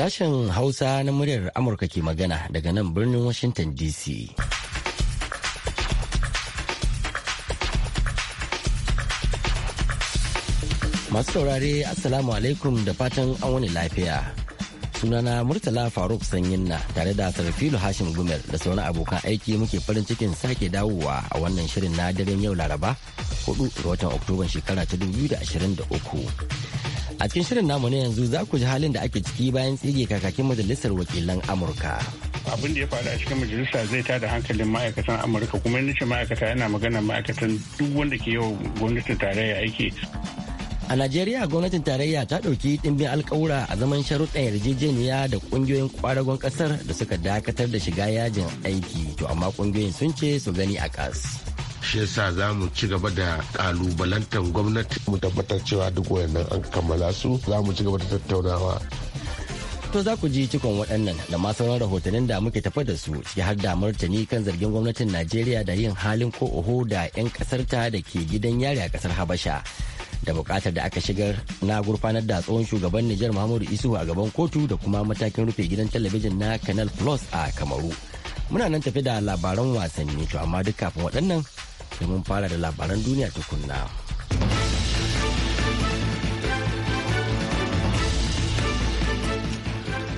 Sashen Hausa na muryar Amurka ke magana daga nan birnin Washington DC. Masu saurare Assalamu alaikum da fatan an wani lafiya. Sunana Murtala Faruk Sanyin na tare da Sarfilu Hashim Gumel da sauran abokan aiki muke farin cikin sake dawowa a wannan shirin na daren yau Laraba 4 ga watan Oktoban shekara ta 2023. A cikin shirin namu na yanzu za ku ji halin da ake ciki bayan tsige kakakin majalisar wakilan Amurka. Abin da ya faru a cikin majalisa zai tada hankalin ma'aikatan Amurka kuma yana ce ma'aikata yana magana ma'aikatan duk wanda ke yawan gwamnatin tarayya aiki. A Najeriya gwamnatin tarayya ta ɗauki ɗimbin alkawura a zaman sharuɗan yarjejeniya da ƙungiyoyin kwaragon ƙasar da suka dakatar da shiga yajin aiki to amma ƙungiyoyin sun ce su gani a ƙas. shi yasa za mu ci gaba da kalubalantar gwamnati mu tabbatar cewa duk wayannan an kammala su za mu ci gaba da tattaunawa To za ku ji cikon waɗannan da ma sauran rahotannin da muke tafa da su ciki har da martani kan zargin gwamnatin Najeriya da yin halin ko oho da 'yan ƙasarta da ke gidan yari a ƙasar Habasha. Da buƙatar da aka shigar na gurfanar da tsohon shugaban Nijar Muhammadu isu a gaban kotu da kuma matakin rufe gidan talabijin na Canal Plus a Kamaru. Muna nan tafi da labaran wasanni to amma duk kafin waɗannan sai mun fara da labaran duniya tukunna.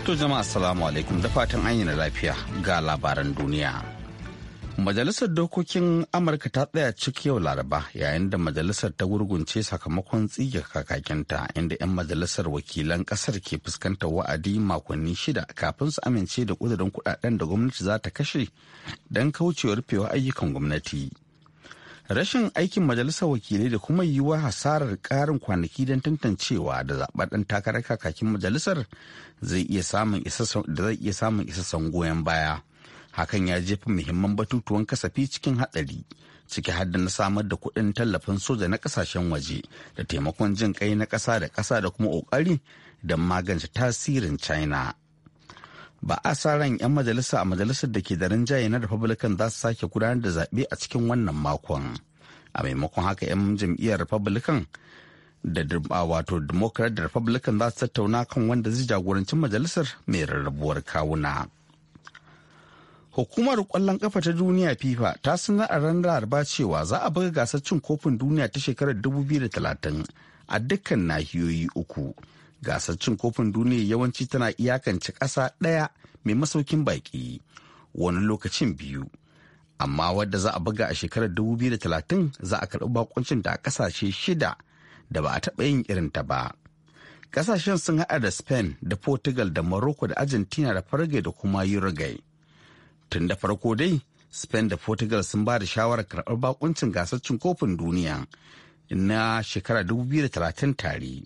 To jama'a assalamu alaikum da fatan anyi na lafiya ga labaran duniya. Majalisar Dokokin Amurka ta tsaya cik yau Laraba yayin da majalisar ta gurgunce sakamakon tsige kakakinta inda 'yan majalisar wakilan kasar ke fuskantar wa'adi makonni shida kafin su amince da kudurin kudaden da gwamnati za ta kashe don kaucewa rufewa ayyukan gwamnati. rashin aikin majalisar wakilai da kuma yiwuwar hasarar karin kwanaki don tantancewa da zaɓar ɗan takarar kakakin majalisar da zai iya samun isassan goyon baya hakan ya jefa muhimman batutuwan kasafi cikin haɗari ciki har da na samar da kuɗin tallafin soja na ƙasashen waje da taimakon jin kai na ƙasa da ƙasa da kuma ƙoƙari don magance tasirin china ba a sa ran 'yan majalisa a majalisar da ke da rinjaye na republican za su sake gudanar da zaɓe a cikin wannan makon a maimakon haka 'yan jam'iyyar republican da wato democrat da republican za su tattauna kan wanda zai jagorancin majalisar mai rarrabuwar kawuna hukumar kwallon kafa ta duniya fifa ta sanar a ran laraba cewa za a buga gasar cin kofin duniya ta shekarar 2030 a dukkan nahiyoyi uku gasar cin kofin duniya yawanci tana iyakance ƙasa ɗaya mai masaukin baƙi wani lokacin biyu amma wadda za a buga a shekarar 2030 za a karɓi bakoncin da ƙasashe shida da ba a taɓa yin irin ta ba ƙasashen sun haɗa da spain da portugal da morocco da argentina da farge da kuma uruguay tun da farko dai spain da portugal sun ba da shawarar karɓar bakuncin gasar cin kofin duniya na shekara 2030 tare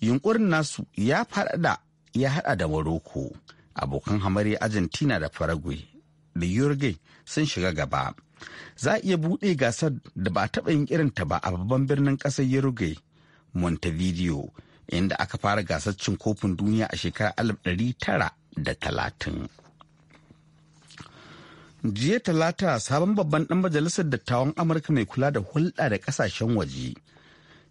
yunkurin nasu ya faɗaɗa ya haɗa da morocco abokan hamari argentina da paraguay da uruguay sun shiga gaba za a iya buɗe gasar da ba a taɓa yin ta ba a babban birnin ƙasar uruguay montevideo inda aka fara gasar cin kofin duniya a shekarar 1930 jiya talata sabon babban dan majalisar dattawan amurka mai kula da hulɗa da ƙasashen waje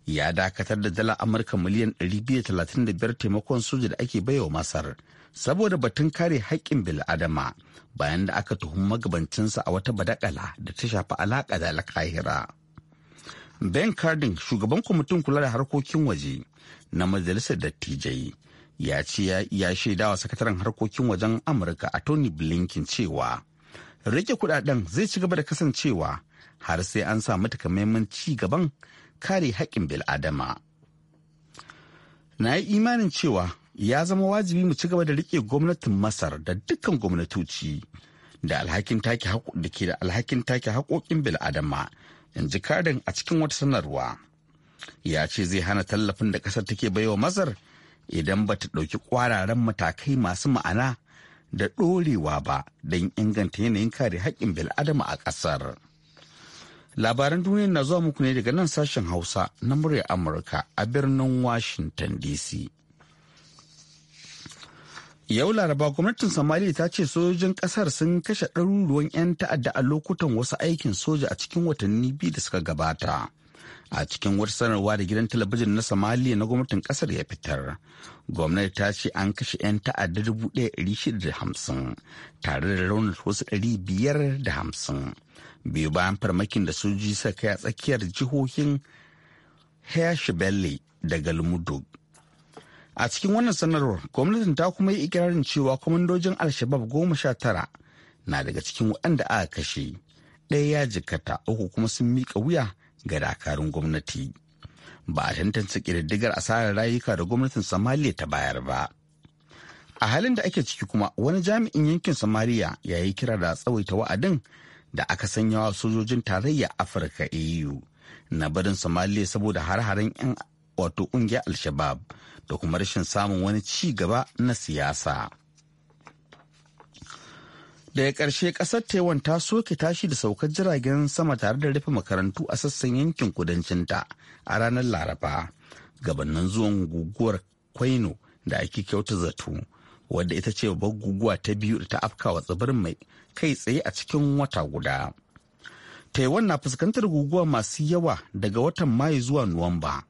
ya dakatar da dala amurka miliyan 235 taimakon soja da ake baiwa masar saboda batun kare haƙƙin bil'adama bayan da aka tuhum magabancinsa a wata badakala da ta shafi alaƙa da alkahira ben cardin shugaban kwamitin kula da harkokin waje na majalisar dattijai ya ce ya shaida wa sakataren harkokin wajen amurka a tony blinken cewa rike kudaden zai ci gaba da kasancewa har sai an samu takamaiman ci gaban kare haƙƙin bil'adama. Na yi imanin cewa ya zama wajibi mu ci gaba da riƙe gwamnatin Masar da dukkan gwamnatoci da da ke da alhakin take haƙoƙin bil'adama in ji karin a cikin wata sanarwa. Ya ce zai hana tallafin da ƙasar take baiwa Masar idan ba ta ɗauki ƙwararren matakai masu ma'ana da ɗorewa ba don inganta yanayin kare haƙƙin bil'adama a ƙasar. Labaran duniya na zuwa muku ne daga nan sashen Hausa na murya Amurka a birnin Washington DC. Yau Laraba gwamnatin Somalia ta ce sojojin kasar sun kashe ɗaruruwan 'yan ta'adda a lokutan wasu aikin soja a cikin watanni biyu da suka gabata. A cikin wata sanarwa da gidan talabijin na Somalia na gwamnatin kasar ya fitar. Gwamnati ta ce an kashe 'yan ta'adda 1,650 tare da raunar wasu 550. biyu bayan farmakin da sojoji suka kai a tsakiyar jihohin Heshbelle da Galmudug. A cikin wannan sanarwar, gwamnatin ta kuma yi ikirarin cewa kwamandojin Alshabab goma sha tara na daga cikin waɗanda aka kashe, ɗaya ya jikata uku kuma sun miƙa wuya ga dakarun gwamnati. Ba a tantance ƙididdigar asarar rayuka da gwamnatin Somalia ta bayar ba. A halin da ake ciki kuma wani jami'in yankin Somalia ya yi kira da tsawaita wa'adin da aka sanya wa sojojin tarayya afirka au na barin somaliya saboda har-haren 'yan wato kungiyar al-shabab da kuma rashin samun wani ci gaba na siyasa daga ƙarshe ƙasar taiwan ta soke tashi da saukar jiragen sama tare da rufe makarantu a sassan yankin kudancinta a ranar laraba gabanin zuwan guguwar kwaino da ake kyauta zato wadda ita ce babbar guguwa ta biyu da ta afkawa tsibirin mai kai tsaye a cikin wata guda. Taiwan na fuskantar guguwa masu yawa daga watan Mayu zuwa Nuwamba,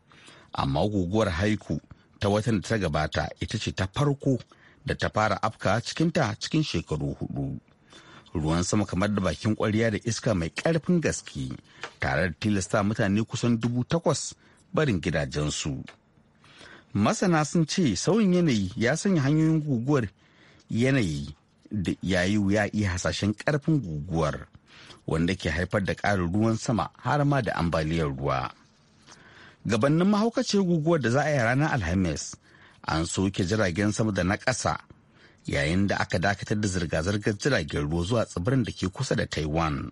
amma guguwar haiku ta watan da ta gabata ita ce ta farko da ta fara afka cikinta cikin shekaru hudu. Ruwan sama kamar da bakin kwarya da iska mai ƙarfin gaske tare da tilasta mutane kusan dubu takwas barin gidajensu. Masana sun ce sauyin yanayi ya sanya hanyoyin guguwar yanayi da yayi wuya iya hasashen karfin guguwar wanda ke haifar da ƙarin ruwan sama har ma da ambaliyar ruwa gabannin mahaukaciyar guguwar da za a yi ranar alhamis an soke jiragen sama da na ƙasa yayin da aka dakatar da zirga-zirgar jiragen ruwa zuwa tsibirin da ke kusa da taiwan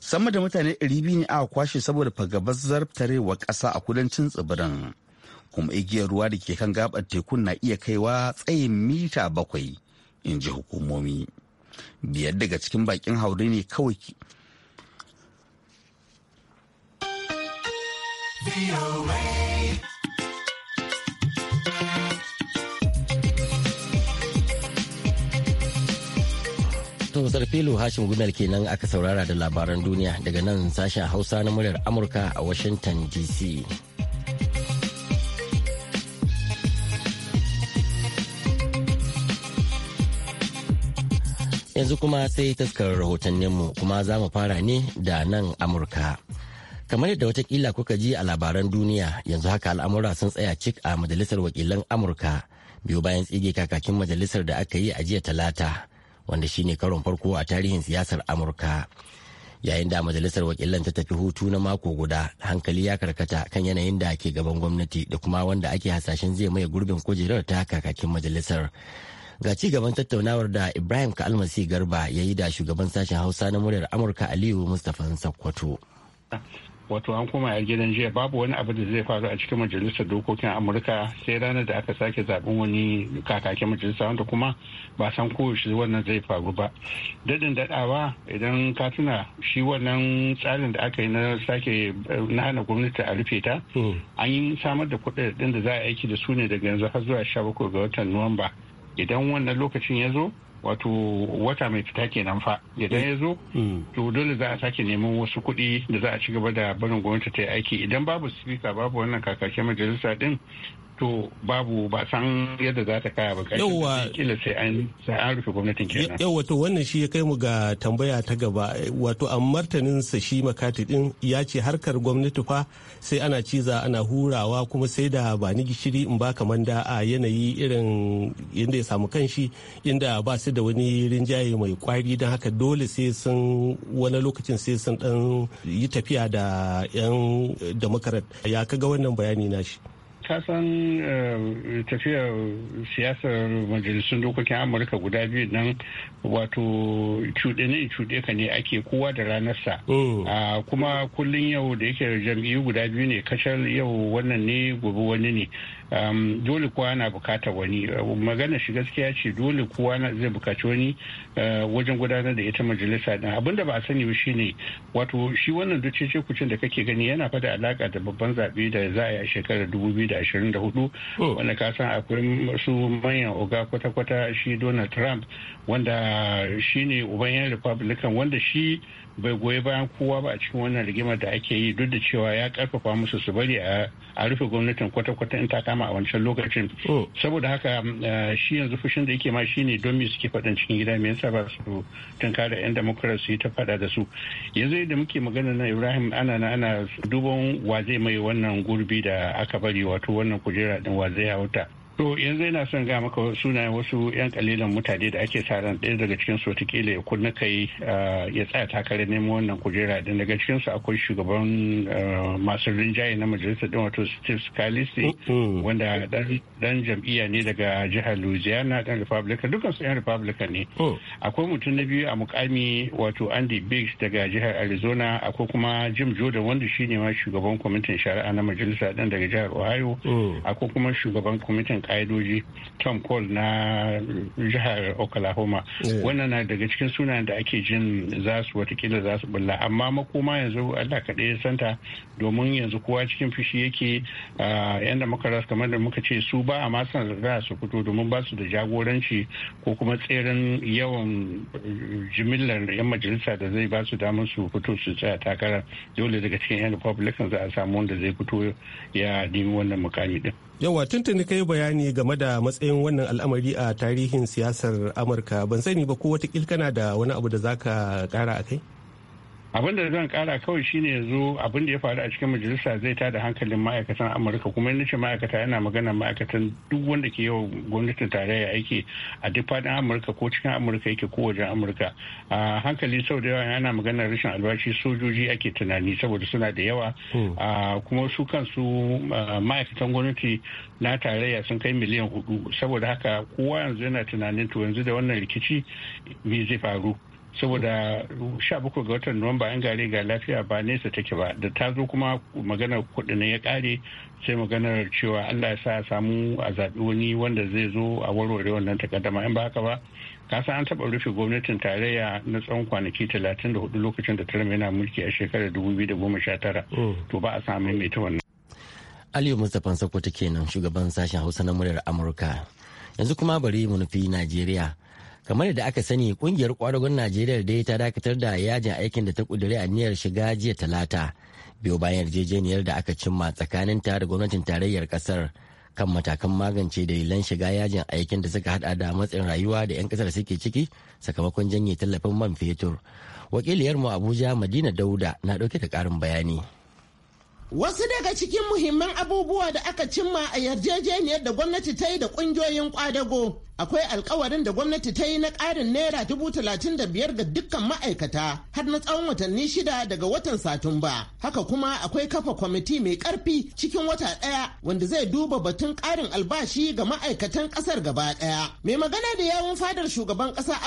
sama da mutane ɗari ne aka kwashe saboda fagabar zartarewa ƙasa a kudancin tsibirin kuma igiyar ruwa da ke kan gabar tekun na iya kaiwa tsayin mita bakwai in ji hukumomi biyar daga cikin bakin haure ne kawai To filo Hashim Gumel kenan aka saurara da labaran duniya daga nan sashen Hausa na muryar Amurka a Washington DC. yanzu kuma sai taskar rahotanninmu kuma za mu fara ne da nan amurka kamar yadda watakila kuka ji a labaran duniya yanzu haka al'amura sun tsaya cik a majalisar wakilan amurka biyu bayan tsige kakakin majalisar da aka yi a jiya talata wanda shine karon farko a tarihin siyasar amurka yayin da majalisar wakilan ta tafi hutu na mako guda hankali ya karkata kan yanayin da ke gaban gwamnati da kuma wanda ake hasashen zai maye gurbin kujerar ta kakakin majalisar Ga ci gaban tattaunawar da Ibrahim Kalmasi Garba ya yi da shugaban sashen Hausa na muryar Amurka Aliyu Mustapha Sakkwato. wato an koma yar gidan jiya babu wani abu da zai faru a cikin majalisar dokokin amurka sai ranar da aka sake zaben wani kakakin majalisa wanda kuma ba san koyaushe wannan zai faru ba dadin dadawa idan ka tuna shi wannan tsarin da aka yi na sake na hana gwamnati a rufe ta hmm. an yi samar da kuɗaɗen da za a aiki da su ne daga yanzu har zuwa sha bakwai ga watan nuwamba idan wannan lokacin ya zo wato wata mai fita kenan fa idan ya zo mm. to dole za a sake neman wasu kuɗi da za a ci gaba da barin gwamnati ta yi aiki idan babu sifika babu wannan kakakin majalisa din to babu ba san yadda za ta kaya ba ka kila sai an sai an rufe gwamnatin kenan yauwa to wannan shi ya kai mu ga tambaya ta gaba wato a martanin sa shi makati din ya ce harkar gwamnati fa sai ana ciza ana hurawa kuma sai da ba ni gishiri in ba manda a yanayi irin inda ya samu kanshi inda ba su da wani rinjaye mai kwari don haka dole sai sun wani lokacin sai sun dan yi tafiya da yan demokrat ya kaga wannan bayani na shi kasan eh, tafiyar siyasar majalisun dokokin amurka guda biyu nan wato cuɗe ne cuɗe ka ne ake kowa da ranarsa oh. ah, kuma kullum yau da yake jam'iyyu guda biyu ne kashar yau wannan ne gobe wani ne dole kowa na bukatar wani magana shi gaskiya ce dole kowa zai bukaci wani eh, wajen gudanar da ita majalisa din abinda ba a sani ba shine wato shi wannan ducece kucin da kake gani yana fada alaka da babban zaɓe da za a yi a shekarar 2024 wanda ka san akwai su manyan oga kwata-kwata shi Donald Trump wanda shine uban yan Republican wanda shi bai goyi bayan kowa ba a cikin wannan rigimar da ake yi duk da cewa ya karfafa musu su bari a rufe gwamnatin kwata-kwata in ta kama a wancan lokacin oh. saboda haka mm, eh, shi yanzu fushin da yake ma shi ne don me suke faɗin cikin gida me yasa ba su tunkara yan demokrat ta faɗa da su yanzu da muke magana na ibrahim ana na ana duban wa zai mai wannan gurbi da aka bari wato wannan kujera din wa zai hauta To yanzu yana son ga maka sunayen wasu 'yan kalilan mutane da ake sa ran ɗaya daga cikin su watakila ya kunna kai ya tsaya takarar neman wannan kujera din daga cikin su akwai shugaban masu rinjaye na majalisar din wato Steve Scalise wanda dan jam'iyya ne daga jihar Louisiana dan Republican dukkan su 'yan Republican ne. Oh. Akwai mutum na biyu a mukami wato Andy Biggs daga jihar Arizona akwai kuma Jim Jordan wanda shine ma shugaban kwamitin shari'a na majalisa din daga jihar Ohio oh. akwai kuma shugaban kwamitin ka'idoji tom cole na jihar oklahoma wannan na daga cikin sunan da ake jin za su watakila za su bulla amma makoma yanzu allah kaɗai ya santa domin yanzu kowa cikin fushi yake muka rasu kamar da muka ce su ba a masan za su fito domin ba su da jagoranci ko kuma tseren yawan jimillar 'yan majalisa da zai ba su damar su fito su tsaya takara dole daga cikin 'yan republican za a samu wanda zai fito ya nemi wannan mukami din yawa tuntuni kai bayani game da matsayin wannan al'amari a tarihin siyasar amurka ban sani ba ko wata kana da wani abu da za ka kara a kai abin da zan kara kawai shine yanzu abin da ya faru a cikin majalisa zai ta da hankalin ma'aikatan amurka kuma yana ce ma'aikata yana magana ma'aikatan duk wanda ke yawan gwamnatin tarayya aiki a duk fadin amurka ko cikin amurka yake ko wajen amurka a hankali sau da yawa yana magana rashin albashi sojoji ake tunani saboda suna da yawa hmm. kuma su kansu ma'aikatan gwamnati na tarayya sun kai miliyan hudu saboda haka kowa yanzu yana tunanin to yanzu da wannan rikici me zai faru saboda 17 ga watan nuwamba yan gare ga lafiya ba nesa take ba da ta zo kuma maganar kuɗi ne ya kare sai maganar cewa allah ya sa samu a zaɓi wani wanda zai zo a warware wannan takaddama in ba haka ba kasa an taɓa rufe gwamnatin tarayya na tsawon kwanaki 34 lokacin da trump yana mulki a shekarar 2019 mm. to ba a samu mai ta wannan aliyu mustapha sokoto kenan shugaban sashen hausa na muryar amurka yanzu kuma bari mu nufi najeriya kamar da aka sani kungiyar kwadagon najeriya dai ta dakatar da yajin aikin da ta kudure aniyar shiga jiya talata biyo bayan yarjejeniyar da aka cimma tsakanin ta da gwamnatin tarayyar kasar kan matakan magance dalilan shiga yajin aikin da suka hada da matsin rayuwa da 'yan kasar suke ciki sakamakon janye tallafin man fetur wakiliyar mu abuja madina dauda na dauke da karin bayani Wasu daga cikin muhimman abubuwa da aka cimma a yarjejeniyar da gwamnati ta yi da ƙungiyoyin kwadago akwai alkawarin da gwamnati ta yi na ƙarin naira dubu talatin da biyar ga dukkan ma'aikata har na tsawon watanni shida daga watan satumba haka kuma akwai kafa kwamiti mai ƙarfi cikin wata ɗaya wanda zai duba batun ƙarin albashi ga ma'aikatan ƙasar gaba ɗaya mai magana da yawun fadar shugaban ƙasa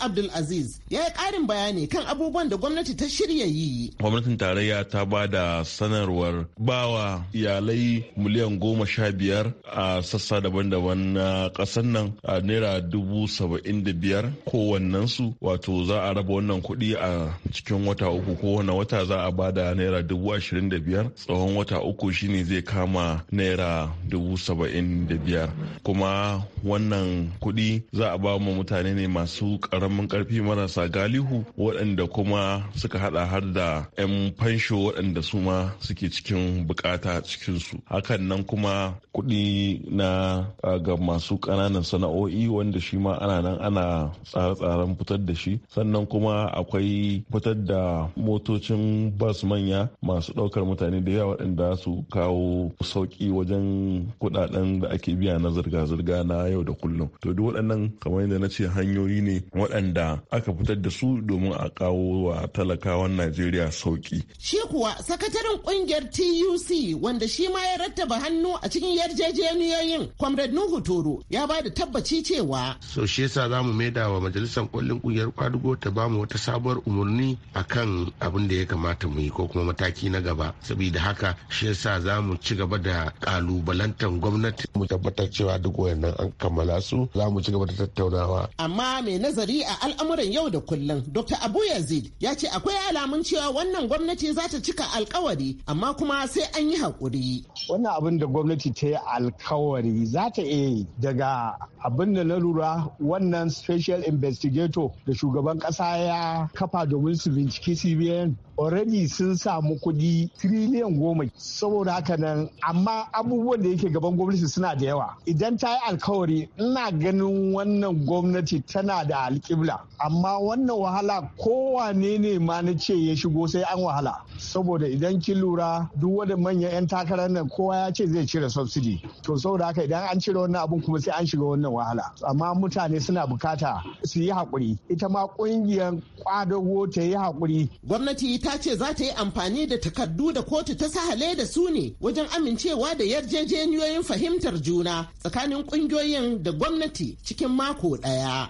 abdul-aziz ya yi ƙarin bayani kan abubuwan da gwamnati ta shirya yi gwamnatin tarayya ta ba da sanarwar bawa iyalai miliyan goma sha biyar a sassa daban-daban na ƙasar nan a naira dubu saba'in da biyar kowannensu wato za a raba wannan kuɗi a cikin wata uku kowane wata za a bada naira dubu ashirin da biyar tsawon wata uku shine zai kama naira dubu saba'in da biyar kuma wannan kuɗi za a ba mu mutane ne masu ƙaramin ƙarfi marasa galihu waɗanda kuma suka haɗa har da 'yan fansho waɗanda su ma suke cikin bukata cikinsu hakan nan kuma kuɗi na ga masu ƙananan sana'a sana'o'i wanda shi ma ana nan ana tsare-tsaren fitar da shi sannan kuma akwai fitar da motocin bas manya masu ɗaukar mutane da yawa waɗanda su kawo sauƙi wajen kuɗaɗen da ake biya na zirga-zirga na yau da kullum to duk waɗannan kamar yadda na ce hanyoyi ne waɗanda aka fitar da su domin a kawo wa talakawan najeriya sauƙi shi kuwa sakataren ƙungiyar tuc wanda shi ma ya rattaba hannu a cikin yarjejeniyoyin comrade nuhu toro ya ba da tabbaci cewa. So shi yasa za mu maida wa majalisar kwallon kungiyar kwadugo ta ba mu wata sabuwar umarni akan abin da ya kamata mu yi ko kuma mataki na gaba. Saboda haka shi yasa za mu ci gaba da kalubalantar gwamnati mu tabbatar cewa duk wayannan an kammala su za mu ci gaba da tattaunawa. Amma mai nazari a al'amuran yau da kullum Dr. Abu Yazid ya ce akwai alamun cewa wannan gwamnati za ta cika alkawari amma kuma sai an yi haƙuri. Wannan abin da gwamnati ta yi alkawari za ta iya daga abin da na lura wannan special investigator da shugaban kasa ya kafa domin su binciki cbn already sun samu kuɗi tiriliyan goma saboda haka nan amma abubuwan da yake gaban gwamnati suna da yawa idan ta yi alkawari ina ganin wannan gwamnati tana da alƙibla amma wannan wahala kowane ne ma na ce ya shigo sai an wahala saboda idan kin lura duk wani manyan 'yan takarar nan kowa ya ce zai cire subsidy to saboda haka idan an cire wannan abun kuma sai an shiga wannan wahala amma mutane suna bukata su yi haƙuri ita ma ƙungiyar ƙwadago ta yi haƙuri gwamnati ta ce za ta yi amfani da takardu da kotu ta sahale da su ne wajen amincewa da yarjejeniyoyin fahimtar juna tsakanin kungiyoyin da gwamnati cikin mako ɗaya.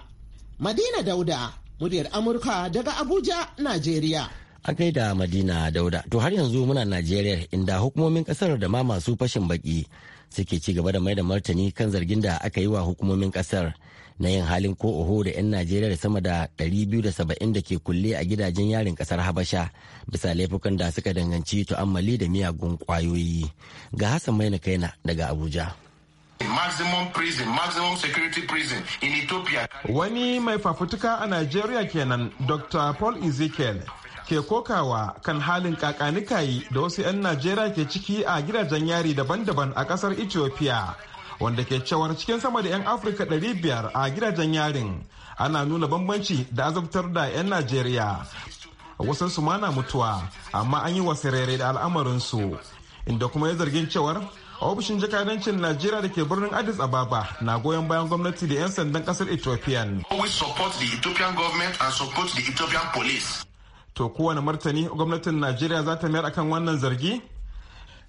Madina Dauda, muryar Amurka daga Abuja, Najeriya. a gaida madina dauda to har yanzu muna najeriya inda hukumomin kasar da ma masu fashin baki suke ci gaba da mai da martani kan zargin da aka yi wa hukumomin kasar na yin halin ko oho da 'yan najeriya da sama da 270 da ke kulle a gidajen yarin kasar habasha bisa laifukan da suka danganci tu'ammali da miyagun kwayoyi ga hassan na kaina daga abuja maximum prison maximum security prison in ethiopia wani mai fafutuka a najeriya kenan dr paul ezekiel ke kokawa kan halin kakanikayi da wasu 'yan najeriya ke ciki a gidajen yari daban-daban a kasar ethiopia wanda ke cewar cikin sama da 'yan afirka 500 a gidajen yarin ana nuna bambanci da azabtar da 'yan najeriya wasu su mana mutuwa amma an yi wasirere da al'amarinsu inda kuma ya zargin cewar ofishin jakadancin najeriya da ke birnin addis ababa na goyon bayan gwamnati da 'yan sandan kasar ethiopian. we support the ethiopian government and support the ethiopian police. To kowane martani gwamnatin Najeriya za ta mayar akan wannan zargi?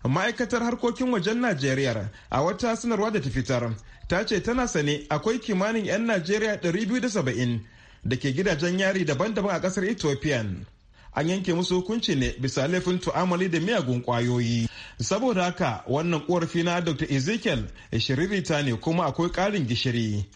Ma'aikatar harkokin wajen Najeriya a wata sanarwa da ta fitar ta ce tana sane akwai kimanin 'yan Najeriya 270 da ke gidajen yari daban-daban a kasar Ethiopia. An yanke musu hukunci ne bisa laifin tu'amali da miyagun kwayoyi. Saboda haka wannan korafi na Dr. Ezekiel shiririta ne kuma akwai ƙarin gishiri.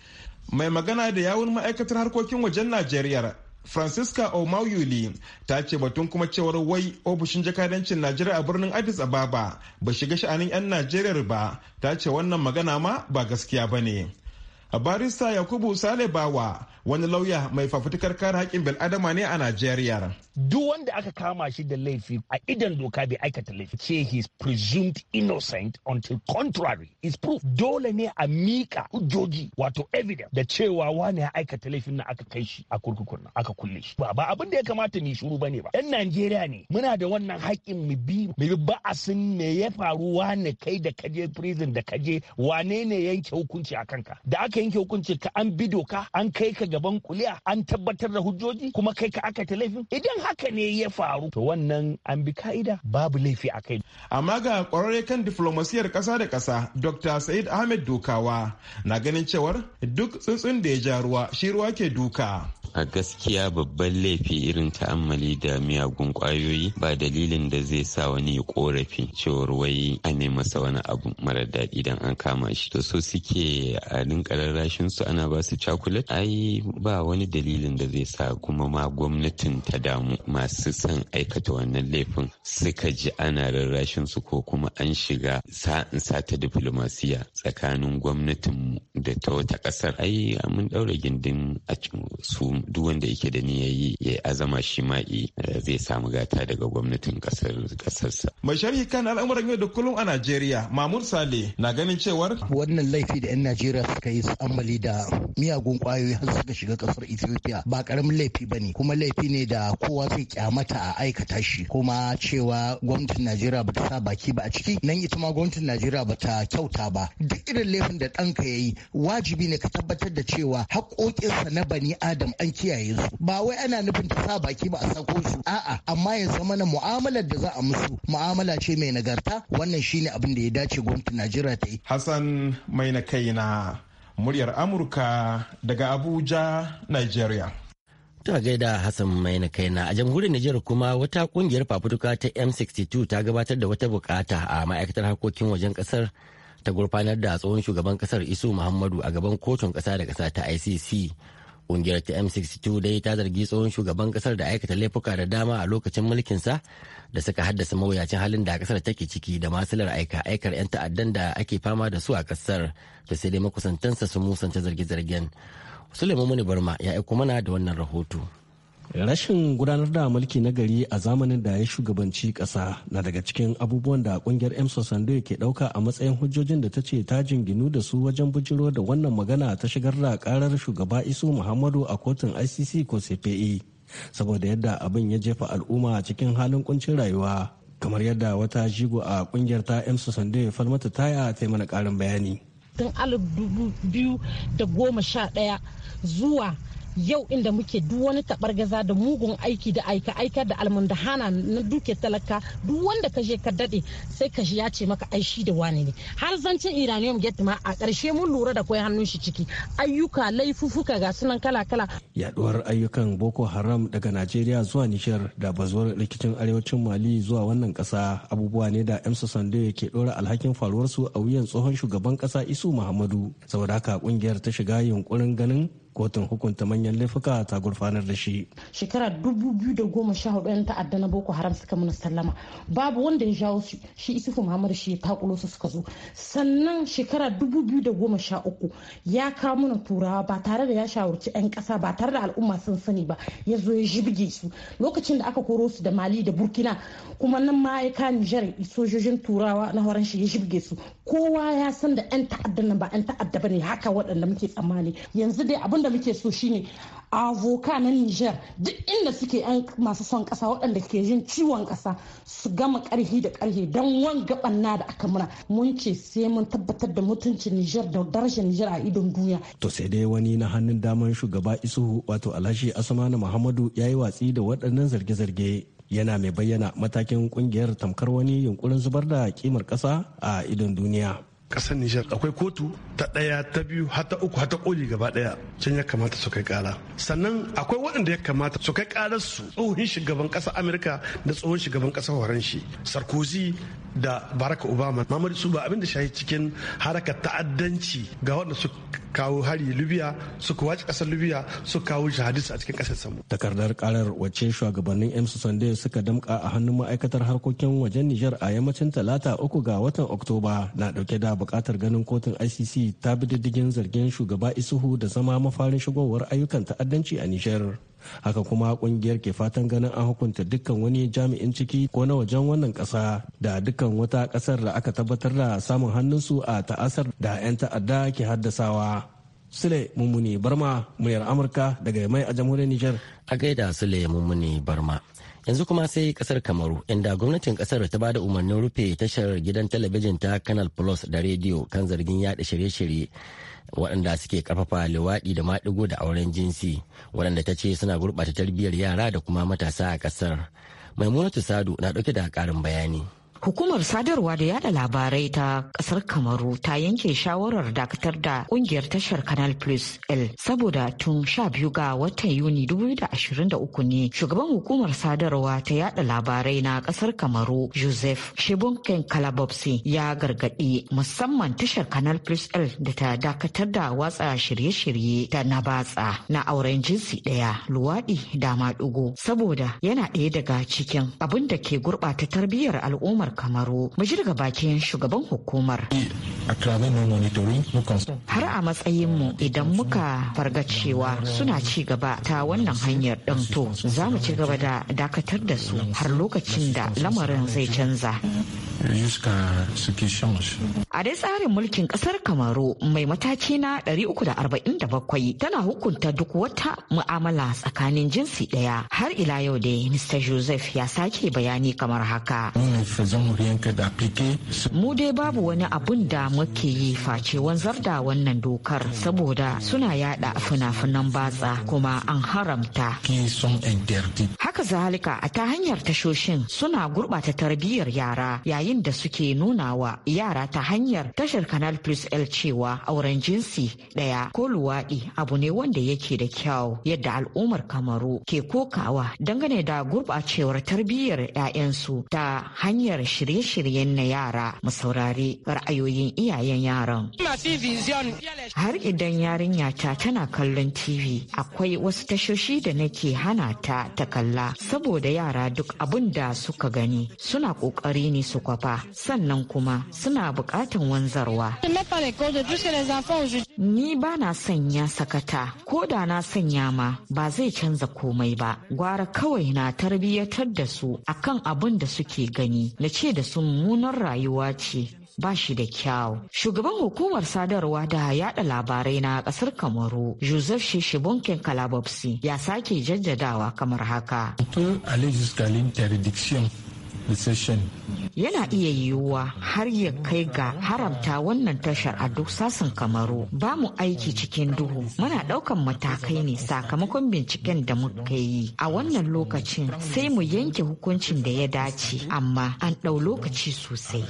Mai magana da yawun ma'aikatar harkokin wajen Najeriya francisca omauyuli ta ce batun kuma cewar wai ofishin jakadancin najeriya a birnin addis ababa ba shiga sha'anin 'yan najeriya ba ta ce wannan magana ma ba gaskiya ba ne barista yakubu sale bawa wani lauya mai fafutukar kare haƙƙin bil'adama ne a Najeriya. Duk wanda aka kama shi da laifi a idan doka bai aikata laifi ce he is presumed innocent until contrary is proof. Dole ne a mika hujjoji wato evidence da cewa wani ya aikata laifin na aka kai shi a kurkukun nan aka kulle shi. Ba abin da ya kamata mu shuru bane ba. Yan Najeriya ne muna da wannan haƙƙin mu bi mu bi ba'asin me ya faru wani kai da kaje prison da kaje wane ne yanke hukunci a kanka. Da aka yanke hukunci ka an bi doka an kai ka gaban kuliya an tabbatar da hujjoji kuma kai ka aka ta laifin idan haka ne ya faru to wannan an bi ka'ida babu laifi a kai. amma ga kwararre kan diflomasiyar kasa da kasa dr sa'id ahmed dokawa na ganin cewar duk tsuntsun da ya ja ruwa shi ruwa ke duka. a gaskiya babban laifi irin ta'ammali da miyagun kwayoyi ba dalilin da zai sa wani ya korafi cewar wai a masa wani abu mara daɗi idan an kama shi to so suke a rinka rarrashin su ana ba su cakulet ai ba wani dalilin da zai sa kuma ma gwamnatin ta damu masu son aikata wannan laifin suka ji ana rarrashin su ko kuma an shiga sa'in sata diplomasiya tsakanin gwamnatin da ta wata kasar ai mun daura gindin a su duk wanda yake da niyayi ya azama shi ma'i eh, zai samu gata daga gwamnatin kasar kasarsa mai sharhi kan al'amuran yau da kullum a Najeriya Mamud sale na ganin cewar wannan laifi da 'yan Najeriya suka yi amali da miyagun kwayoyi har suka shiga kasar Ethiopia ba karamin laifi bane kuma laifi ne da kowa zai kyamata a aikata shi kuma cewa gwamnatin Najeriya ba ta sa baki ba a ciki nan ita ma gwamnatin Najeriya ba ta kyauta ba duk irin laifin da ɗanka ya yi wajibi ne ka tabbatar da cewa haƙoƙinsa na bani adam an kiyaye su ba wai ana nufin ta sa baki ba a sako su a'a amma ya zama na mu'amalar da za a musu mu'amala ce mai nagarta wannan shine abin da ya dace gwamnatin Najeriya ta yi Hassan mai na kaina muryar amurka daga abuja nigeria ta gaida Hassan Maina na a jamhuriyar Nijar kuma wata kungiyar fafutuka ta M62 ta gabatar da wata bukata a ma'aikatar harkokin wajen kasar ta gurfanar da tsohon shugaban kasar Isu Muhammadu a gaban kotun kasa da kasa ta ICC Kungiyar ta M62 dai ta zargi tsohon shugaban kasar da aikata laifuka da dama a lokacin mulkin sa da suka haddasa mawuyacin halin da kasar take ciki da masular aika aikar 'yan ta'addan da ake fama da su a kasar da sai dai makusantansa su musanta zarge-zargen. Suleiman Muni Barma ya aiko mana da wannan rahoto. Rashin gudanar da mulki na gari a zamanin da ya shugabanci ƙasa na daga cikin abubuwan da kungiyar Emso Sando ke ɗauka a matsayin hujjojin da ta ce ta jinginu da su wajen bujiro da wannan magana ta shigar da karar shugaba iso Muhammadu a kotun ICC ko CPE. Saboda yadda abin ya jefa al'umma cikin halin kuncin rayuwa. Kamar yadda wata jigo a kungiyar ta Emso Sando Falmata Taya ta mana ƙarin bayani. Tun alif dubu biyu da goma sha ɗaya zuwa yau inda muke duk wani gaza da mugun aiki da aika aika da almundahana na duke talaka duk wanda ka je ka dade sai ka ya ce maka ai shi da wani ne har zancen iranium get ma a ƙarshe mun lura da kai hannun shi ciki ayyuka laifufuka ga sunan kala kala yaduwar ayyukan boko haram daga najeriya zuwa nishar da bazuwar rikicin arewacin mali zuwa wannan ƙasa abubuwa ne da emsa sande ke dora alhakin faruwar su a wuyan tsohon shugaban ƙasa isu muhammadu saboda haka kungiyar ta shiga yunkurin ganin kotun hukunta manyan laifuka ta gurfanar da shi shekara 2014 'yan ta'adda na boko haram suka mana sallama babu wanda ya jawo su shi isufu Muhammadu shi ya takulo su suka zo sannan shekara 2013 ya kawo mana turawa ba tare da ya shawarci 'yan kasa ba tare da al'umma sun sani ba ya zo ya jibge su lokacin da aka koro su da mali da burkina kuma nan ma ya nijar sojojin turawa na horon shi ya jibge su kowa ya san da 'yan ta'adda nan ba 'yan ta'adda ba ne haka waɗanda muke tsammani yanzu dai abin abin da muke so shine avoka na Niger duk inda suke yan masu son kasa waɗanda ke yin ciwon kasa su gama karhi da karhi don wanga na da aka muna mun ce sai mun tabbatar da mutuncin Niger da darajar Niger a idon duniya. To sai dai wani na hannun daman shugaba Isuhu wato Alhaji Asmanu Muhammadu ya yi watsi da waɗannan zarge-zarge yana mai bayyana matakin kungiyar tamkar wani yunkurin zubar da kimar kasa a idon duniya. kasar Nijar akwai kotu ta ɗaya ta biyu hata uku hata koli gaba ɗaya can ya kamata su kai kara sannan akwai waɗanda ya kamata su kai karar su tsohon shugaban ƙasar Amurka da tsohon shugaban ƙasar Faranshi Sarkozy da barack obama mamadu su ba abin da shahi cikin harakar ta'addanci ga wanda su kawo hari libya su kuwa kasar libya su kawo jihadis a cikin kasar samu takardar karar wace shugabannin mc sunday suka damka a hannun ma'aikatar harkokin wajen nijar a yammacin talata uku ga watan oktoba na dauke da bukatar ganin kotun icc ta bi diddigin zargin shugaba isuhu da zama mafarin shigowar ayyukan ta'addanci a nijar haka kuma kungiyar ke fatan ganin an hukunta dukkan wani jami'in ciki ko na wajen wannan kasa da dukkan wata kasar da aka tabbatar da samun hannunsu a ta'asar da 'yan ta'adda ke haddasawa sule mummuni barma muryar amurka daga mai a jamhuriyar nijar a gaida sule mummuni barma yanzu kuma sai kasar kamaru inda gwamnatin kasar ta bada umarnin rufe tashar gidan talabijin ta canal plus da rediyo kan zargin yada shirye-shirye waɗanda suke karfafa luwaɗi da maɗigo da auren jinsi waɗanda ta ce suna gurɓata tarbiyyar yara da kuma matasa a ƙasar maimunatu sadu na ɗauke da ƙarin bayani Hukumar sadarwa da yada labarai ta kasar Kamaru ta yanke shawarar dakatar da kungiyar tashar Canal Plus L saboda tun sha biyu ga watan Yuni 2023 ne shugaban hukumar sadarwa ta yada labarai na kasar Kamaru Joseph shebunken Kalabopsi ya gargadi musamman tashar Canal Plus L da ta dakatar da watsa shirye-shirye ta na batsa na auren jinsi ɗaya luwaɗi da madugo saboda yana ɗaya daga cikin abin da ke gurɓata tarbiyyar al'ummar kamaru mu ji bakin shugaban hukumar har a matsayinmu idan muka farga cewa suna ci gaba ta wannan hanyar ɗin to za mu ci gaba da dakatar da su har lokacin da lamarin zai canza jusqu'à ce qui change. A dai tsarin mulkin kasar Kamaru mai mataki na 347 tana hukunta duk wata mu'amala tsakanin jinsi ɗaya, har ila yau dai Mr. Joseph ya sake bayani kamar haka. Mu dai babu wani abun da muke yi face wanzar da wannan dokar saboda suna yada fina-finan batsa kuma an haramta. Haka zalika a ta hanyar tashoshin suna gurɓata tarbiyyar yara yayin yayin da suke nuna wa yara ta hanyar tashar Canal Plus L cewa auren jinsi ɗaya ko luwaɗi abu ne wanda yake da kyau yadda al'ummar Kamaru ke kokawa dangane da gurɓacewar tarbiyyar 'ya'yansu ta hanyar shirye-shiryen na yara mu saurari ra'ayoyin iyayen yaran. Har idan yarinya ta tana kallon TV akwai wasu tashoshi da nake hana ta ta kalla saboda yara duk abin da suka gani suna ƙoƙari ne su kwafa sannan kuma suna bukatan wanzarwa. Ni ba na sanya sakata ko da na sanya ma ba zai canza komai ba gwara kawai na tarbiyyatar da su akan abin da suke gani na ce da su munar rayuwa ce ba shi da kyau. Shugaban hukumar sadarwa da yada labarai na kasar Kamaru, Joseph Shishibonken Kalababsi, ya sake jaddadawa kamar haka. yana iya yiwuwa har ya kai ga haramta wannan tashar a duk sassan kamaru ba mu aiki cikin duhu muna ɗaukan matakai ne sakamakon binciken da muka yi a wannan lokacin sai mu yanke hukuncin da ya dace amma an ɗau lokaci sosai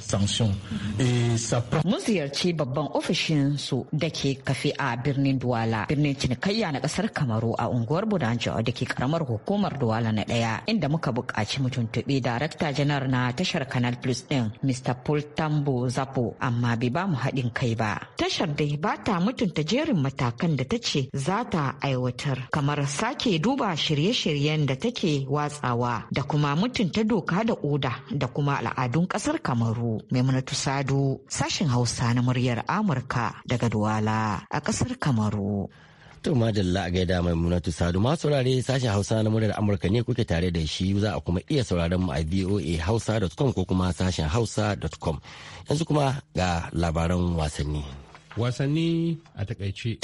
mun ziyarci babban ofishin su da ke kafe a birnin duwala birnin cinikayya na ƙasar kamaru a unguwar budanjo da ke karamar hukumar duwala na ɗaya inda muka buƙaci mutuntube darakta janar na tashar kanal canal plus ɗin mr Tambo zapo amma bai ba mu haɗin kai ba tashar dai ba ta mutunta jerin matakan da ta ce za ta aiwatar kamar sake duba shirye-shiryen da take watsawa da kuma mutunta doka da oda da kuma al'adun ƙasar kamaru maimunatu sado sashen hausa na muryar amurka daga duwala a ƙasar kamaru To madalla a gaida Maimunatu Sadu ma saurare sashen Hausa na muryar Amurka ne kuke tare da shi za a kuma iya sauraron mu a hausa.com ko kuma sashen hausa.com. Yanzu kuma ga labaran wasanni. Wasanni a takaice.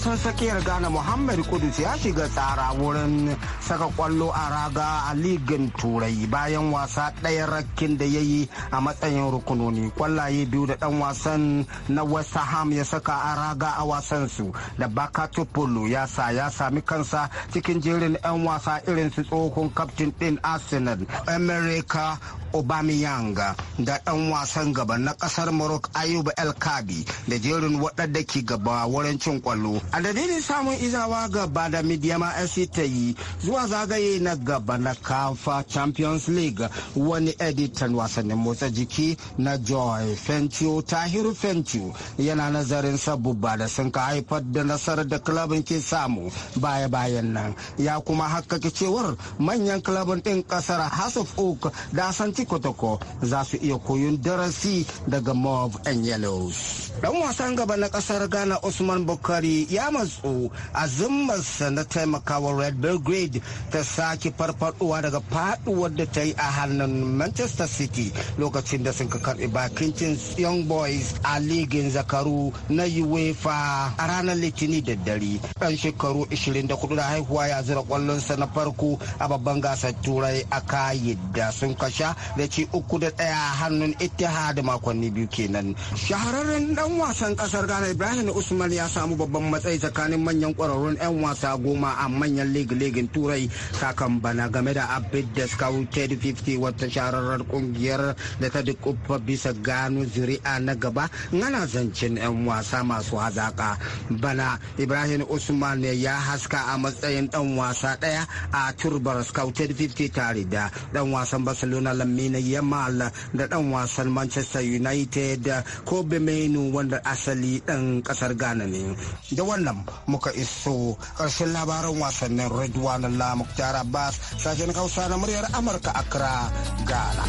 wasan tsakiyar Ghana Muhammad Kudus ya shiga tsara wurin saka kwallo a raga a ligin turai bayan wasa ɗaya rakin da ya yi a matsayin rukunoni kwallaye biyu da ɗan wasan na West Ham ya saka a raga a wasansu da baka Polo ya sa ya sami kansa cikin jerin 'yan wasa irin su tsohon kaftin ɗin Arsenal America Aubameyang da ɗan wasan gaba na ƙasar Morocco Ayuba El Kabi da jerin waɗanda ke gaba wurin cin kwallo a dalilin samun izawa gaba da midiyama fc ta yi zuwa zagaye na gaba na kafa champions league wani editan wasannin motsa jiki na joy fentio tahir fentio yana nazarin sabubba da sun ka haifar da nasarar da klabin ke samu baya-bayan nan ya kuma hakkaki cewar manyan klabin ɗin ƙasar house of oak da asanti kotoko za su iya koyon darasi daga mauve and yellows dan wasan gaba na ƙasar ghana usman bukari ya ya matsu azummarsa na taimakawa red belgrade ta sake farfadowa daga faduwar da ta yi a hannun manchester city lokacin da sun ka karbi bakin cin young boys a ligin zakaru na uefa a ranar litini da dare dan shekaru 24 da haihuwa ya zira kwallonsa na farko a babban gasar turai a kayi da sun kasha da ci uku da daya hannun da makonni biyu kenan shahararren dan wasan kasar ghana ibrahim usman ya samu babban matsayi kadai tsakanin manyan kwararrun 'yan wasa goma a manyan ligin turai sakan bana game da abid da scouted 50 wata shahararrar kungiyar da ta kuffa bisa gano zuri'a na gaba ngana zancen 'yan wasa masu hazaka bana ibrahim usman ne ya haska a matsayin dan wasa daya a turbar scouted 50 tare da dan wasan barcelona lamina yamal da dan wasan manchester united kobe menu wanda asali dan kasar ghana ne da wannan muka iso ƙarshen labaran wasannin Redwan Allah Muktar Abbas sashen Hausa na muryar Amurka Accra, Ghana.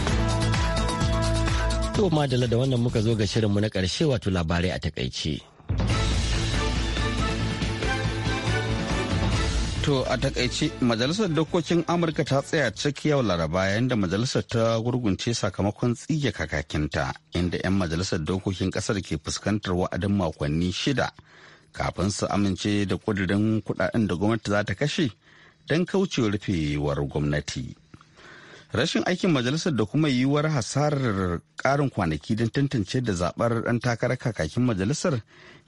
To ma da wannan muka zo ga shirinmu na karshe, wato labarai a takaice. To a takaice majalisar dokokin Amurka ta tsaya ciki yau laraba yayin da majalisar ta gurgunce sakamakon tsige kakakinta inda 'yan majalisar dokokin kasar ke fuskantar wa'adin makonni shida kafin su amince da ƙudirin kudaden da gwamnati za ta kashe don kaucewa rufewar gwamnati rashin aikin majalisar da kuma yiwuwar hasarar karin kwanaki don tantance da zabar ɗan takarar kakakin majalisar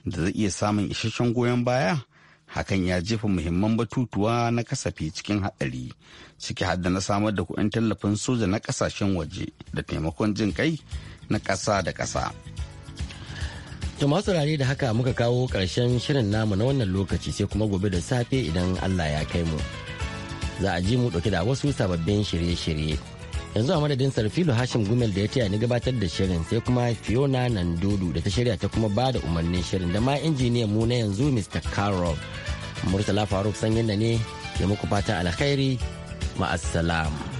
da zai iya samun isasshen goyon baya hakan ya jefa muhimman batutuwa na kasafi cikin haɗari ciki hada na samar da kuɗin tallafin soja na ƙasashen waje da taimakon jin kai na ƙasa da ƙasa. To masu rare da haka muka kawo ƙarshen shirin namu na wannan lokaci sai kuma gobe da safe idan Allah ya kai mu. Za a ji mu ɗauke da wasu sababbin shirye-shirye. Yanzu a madadin sarfilu Hashim Gumel da ya taya ni gabatar da shirin sai kuma Fiona Nandudu da ta shirya ta kuma ba da umarnin shirin da ma injiniyan mu na yanzu Mr. Carol. Murtala Faruk sanyin da ne ya muku fata alkhairi ma'assalam.